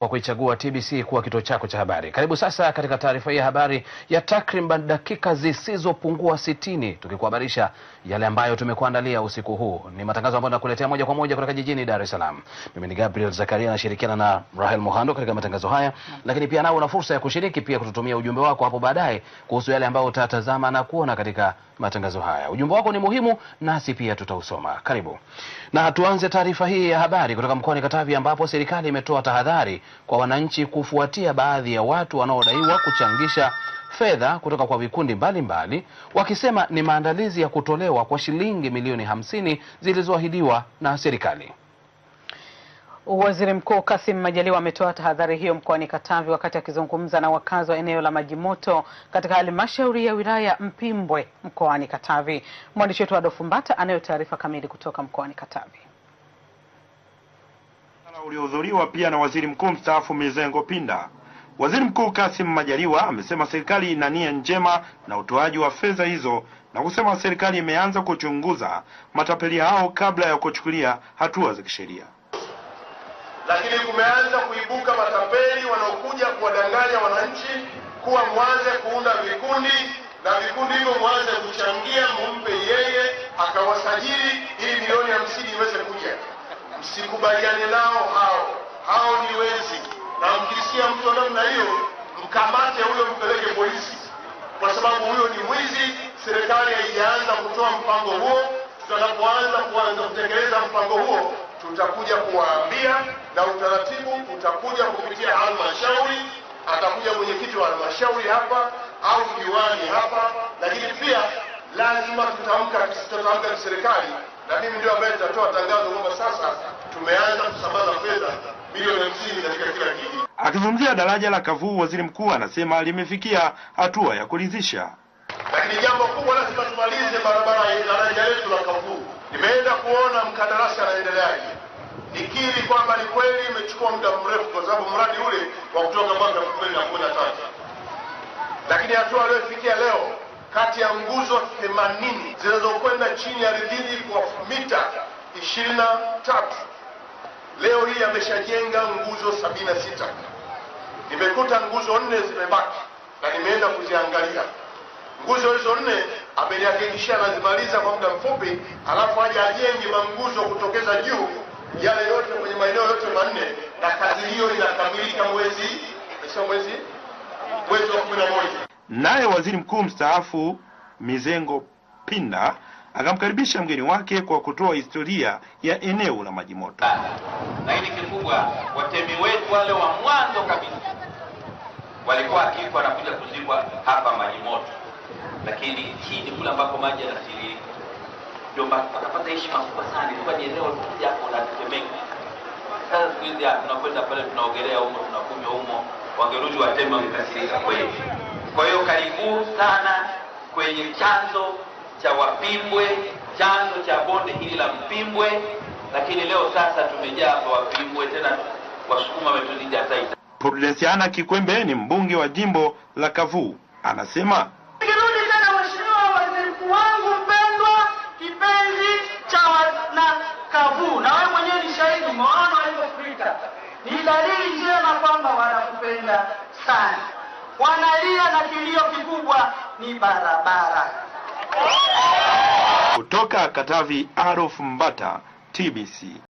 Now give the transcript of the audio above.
kwa kuichagua TBC kuwa kituo chako cha habari. Karibu sasa katika taarifa hii ya habari ya takriban dakika zisizopungua sitini, tukikuhabarisha yale ambayo tumekuandalia usiku huu. Ni matangazo ambayo nakuletea moja kwa moja kutoka jijini Dar es Salaam. Mimi ni Gabriel Zakaria, anashirikiana na Rahel Mohando katika matangazo haya, lakini pia nao una fursa ya kushiriki pia kututumia ujumbe wako hapo baadaye kuhusu yale ambayo utatazama na kuona katika matangazo haya. Ujumbe wako ni muhimu, nasi pia tutausoma. Karibu na tuanze taarifa hii ya habari kutoka mkoani Katavi, ambapo serikali imetoa tahadhari kwa wananchi kufuatia baadhi ya watu wanaodaiwa kuchangisha fedha kutoka kwa vikundi mbalimbali wakisema ni maandalizi ya kutolewa kwa shilingi milioni hamsini zilizoahidiwa na serikali. Waziri Mkuu Kassim Majaliwa ametoa tahadhari hiyo mkoani Katavi wakati akizungumza na wakazi wa eneo la maji moto katika halmashauri ya wilaya Mpimbwe mkoani Katavi. Mwandishi wetu Adolfu Mbata anayo taarifa kamili kutoka mkoani Katavi uliohudhuriwa pia na waziri mkuu mstaafu Mizengo Pinda. Waziri Mkuu Kassim Majaliwa amesema serikali ina nia njema na utoaji wa fedha hizo na kusema serikali imeanza kuchunguza matapeli hao kabla ya kuchukulia hatua za kisheria. Lakini kumeanza kuibuka matapeli wanaokuja kuwadanganya wananchi kuwa mwanze kuunda vikundi na vikundi hivyo mwanze kuchangia, mumpe yeye akawasajili msikubaliane nao hao, hao ni wezi, na mkisikia mtu wa namna hiyo mkamate huyo, mpeleke polisi, kwa sababu huyo ni mwizi. Serikali haijaanza kutoa mpango huo. Tutakapoanza kuanza kutekeleza mpango huo, tutakuja kuwaambia, na utaratibu utakuja kupitia halmashauri, atakuja mwenyekiti wa halmashauri hapa au diwani hapa, lakini pia lazima tutamka tutatamka kiserikali na mimi ndio ambaye nitatoa tangazo kwamba sasa tumeanza kusambaza fedha milioni hamsini katika kila kijiji. Akizungumzia daraja la Kavuu, waziri mkuu anasema limefikia hatua ya kuridhisha. Lakini jambo kubwa lazima tumalize barabara ya daraja letu la Kavuu. Nimeenda kuona mkandarasi anaendeleaje, nikiri kwamba ni kweli imechukua muda mrefu, kwa sababu mradi ule wa kutoka mwaka elfu mbili na kumi na tatu, lakini hatua aliyofikia kati ya nguzo 80 zinazokwenda chini ya ardhini kwa mita 23 leo hii ameshajenga nguzo 76. Nimekuta nguzo nne zimebaki na nimeenda kuziangalia nguzo hizo nne amenihakikishia anazimaliza kwa muda mfupi, alafu aje ajenge manguzo kutokeza juu yale yote kwenye maeneo yote manne, na kazi hiyo inakamilika mwezi mwezi mwezi wa kumi na moja. Naye waziri mkuu mstaafu Mizengo Pinda akamkaribisha mgeni wake kwa kutoa historia ya eneo la maji moto. Lakini kikubwa, watemi wetu wale wa mwanzo kabisa walikuwa akifa wanakuja kuzikwa hapa maji moto, lakini hii ni kule ambako maji yanatiririka ndio wakapata heshima kubwa sana. Ilikuwa ni eneo kuja hapo na tetemeka. Sasa siku hizi tunakwenda pale, tunaogelea humo, tunakunywa humo. Wangerudi watemi wangekasirika kweli. Kwa hiyo karibu sana kwenye chanzo cha Wapimbwe, chanzo cha bonde hili la Mpimbwe. Lakini leo sasa tumejaa kwa Wapimbwe, tena Wasukuma wametuzidi zaidi. Prudensiana Kikwembe ni mbunge wa jimbo la Kavuu, anasema nikirudi tena, mheshimiwa waziri mkuu wangu mpendwa, kipenzi cha wana Kavuu, na wewe mwenyewe ni shahidi, umeona walipofika. Ni dalili njema kwamba wanakupenda sana wanalia na kilio kikubwa ni barabara. Kutoka Katavi, Aruf Mbata, TBC.